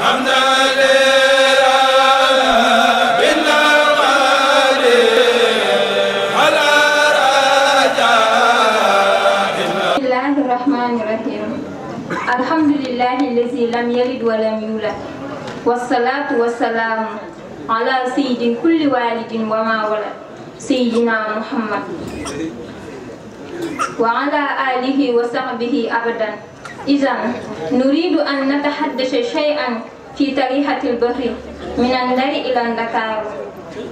الحمد لله الذي لم يلد ولم يولد والصلاة والسلام على سيد كل والد وما ولد سيدنا محمد وعلى آله وصحبه أبدا إذا نريد أن نتحدث شيئا في تريحة البحر من النار إلى النكار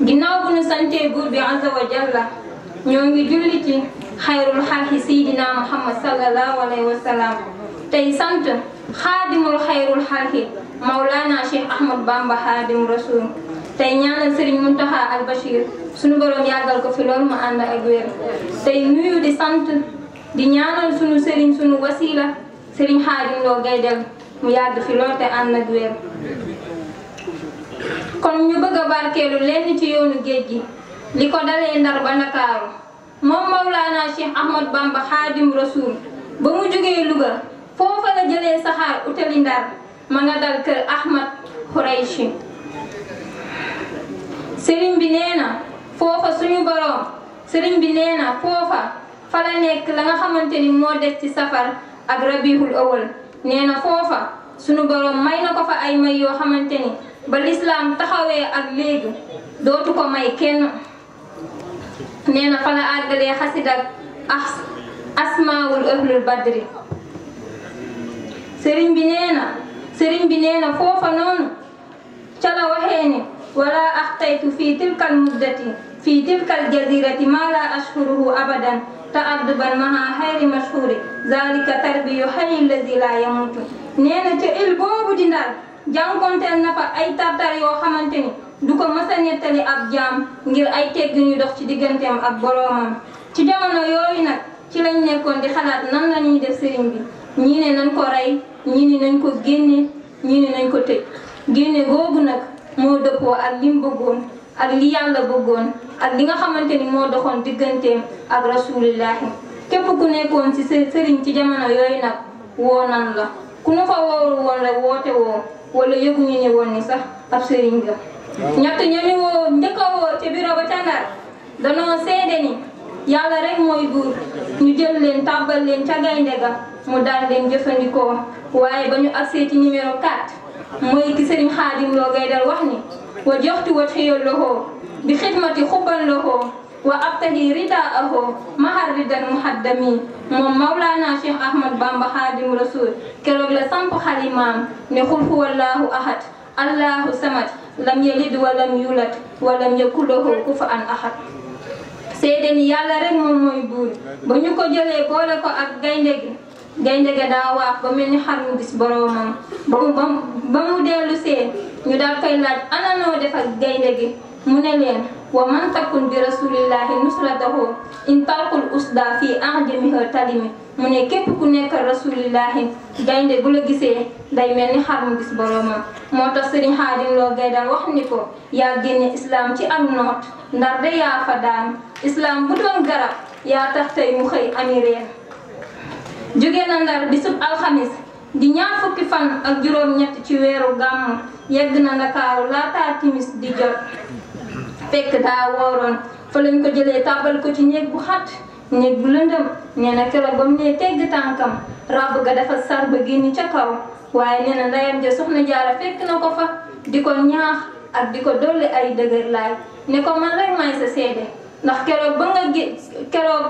ginnaaw bu nu santee buur bi azza wa jalla ñoo ngi julli ci xayrul xalqi sayyidina muhammad sallallahu alayhi tey sant xaadimul xayrul xalqi mawlaana cheikh ahmad bamba xaadim rasul tey ñaanal sëriñ muntaxa al ko fi loolu mu ànd ak nuyu di sant di ñaanal sunu sunu wasila Serigne Khadim ngay Gaydel mu yàgg fi lool te ànd ak wér kon ñu bëgg a barkeelu lenn ci yoonu géej gi li ko dalee ndar ba ndakaaru moom Mawlaana Cheikh Ahmad Bamba Khadim Rasoul ba mu jógee Louga foofa la jëlee saxaar utali ndar ma nga dal kër Ahmad Khouraychi sëriñ bi nee na foofa suñu boroom sëriñ bi nee na foofa fa la nekk la nga xamante ni moo des ci safar ak rabiihul awal nee na foofa sunu borom may na ko fa ay may yoo xamante ni ba lislaam taxawee ak léegi dootu ko may kenn nee na fa la àggalee xasid ak asmaawul ahlul badri sëriñ bi nee na sëriñ bi nee na foofa noonu ca la waxee ni wala axtaytu fii tilkal muddati fii tilkal jazirati maa laa ashkuruhu abadan taadduban maha xayri mashhuri zalika tarbiyu xayi lazi la yamutu nee na ca il boobu di Ndar jànkonteel na fa ay tartar yoo xamante du ko mës a nettali ab jaam ngir ay teggin yu dox ci digganteem ak boroomam ci jamono yooyu nag ci lañ nekkoon di xalaat nan na ñuy de sëriñ bi ñii ne nañ ko rey ñii ne nañ ko génne ñii ne nañ ko tëj génne googu nag moo dëkkoo ak lim bëggoon ak li yàlla bëggoon ak li nga xamante ni moo doxoon digganteem ak rasulillahi képp ku nekkoon ci sëriñ ci jamono yooyu nag woo nan la ku nu fa woon rek woote woo wala yëguñu ne woon ni sax ab sëriñ la ñett ñami woo njëkk a woo ca biro ba ca danoo seede ni yàlla rek mooy buur ñu jël leen tàbbal leen ca gaynde ga mu daal leen jëfandikoo waaye ba ñu agsee ci numéro 4 mooy ki sëriñ Xaadim loo gay dal wax ni wa joxti wa xiyal loxoo bi xidmati xubban lahu wa abtahi ridaahu mahar ridan muhaddami moom Mawlana Cheikh Ahmad Bamba Xaadimu Rasul keroog la samp xalimaam ne xul huwallaahu ahad allahu samad lam yalid wa lam yulad wa lam yakul lahu kufuwan ahad seede ni yàlla rek moom mooy buur ba ñu ko jëlee boole ko ak gaynde gi gaynde ga daa waax ba mel ni xar mu gis boroomam ba mu ba ñu daal koy laaj ana def ak gaynde gi mu ne leen wa man takun bi rasulillahi nusratahu in talkul usda fii anjamiha talimi mu ne képp ku nekk rasulillahi gaynde gu la gisee day mel ni xar mu gis boroomam moo tax sëriñ Xaadim Lo Gaydel wax ni ko yaa génne islaam ci am noot ndar de yaa daan islaam bu doon garab yaa tax tey mu xëy ami reen na ndar bisub alxamis di ñaar fukki fan ak juróom ñett ci weeru gàmmu yegg na ndakaaru laataa timis di jot fekk daa wooroon fa lañ ko jëlee taabal ko ci néeg bu xat néeg bu lëndëm nee na keroog ba mu nee tegg tànkam ràbb ga dafa sar ba génn ca kaw waaye nee na ndeyam ja soxna jaara fekk na ko fa di ko ñaax ak di ko dolli ay dëgër laay ne ko man rek may sa seede ndax keroog ba nga gi keroog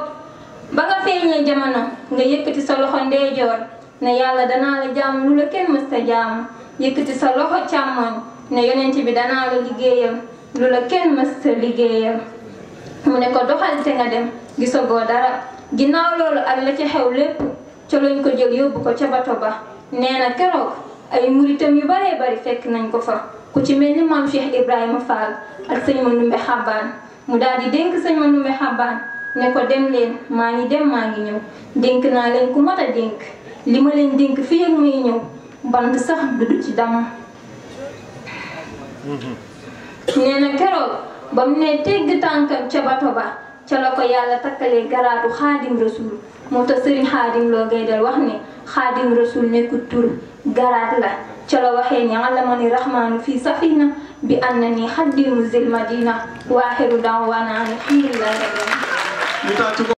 ba nga feeñee jamono nga yëkkati sa loxo ndeyjoor ne yàlla danaa la jaam lu la kenn mës ta jaam yëkkati sa loxo càmmoñ ne yeneen ci bi danaa la liggéeyam lula ken master liggéeyam mu ne ko doxalitenga dem gisagoo dara ginnaaw loolu allah ca xew lépp ca luñ ko jël yóbbu ko ca bato ba nee na keroog ay muritam yu baree bari fekk nañ ko fa ku ci mel ni maam cheikh ibrahima fall ak sëñ ma ndumbe xabbaan mu daal di dénk sëñ ma ndumbe xabbaan ne ko dem leen maa ngi dem maa ngi ñëw dénk naa leen ku mot a dénk li ma leen dénk fii ak muy ñëw bant sax du du ci damm mhm. nee na keroog ba mu ne tegg tànkam ca bato ba ca la ko yàlla takkalee garaatu xaadim rasul moo tax sëriñ xaadim loo ngay dal wax ne xaadim rasul nekkul tur garaat la ca la waxee ni alama ni rahmaanu fii safina bi an na ni xaddimu zil madina waaxiru daawaana ani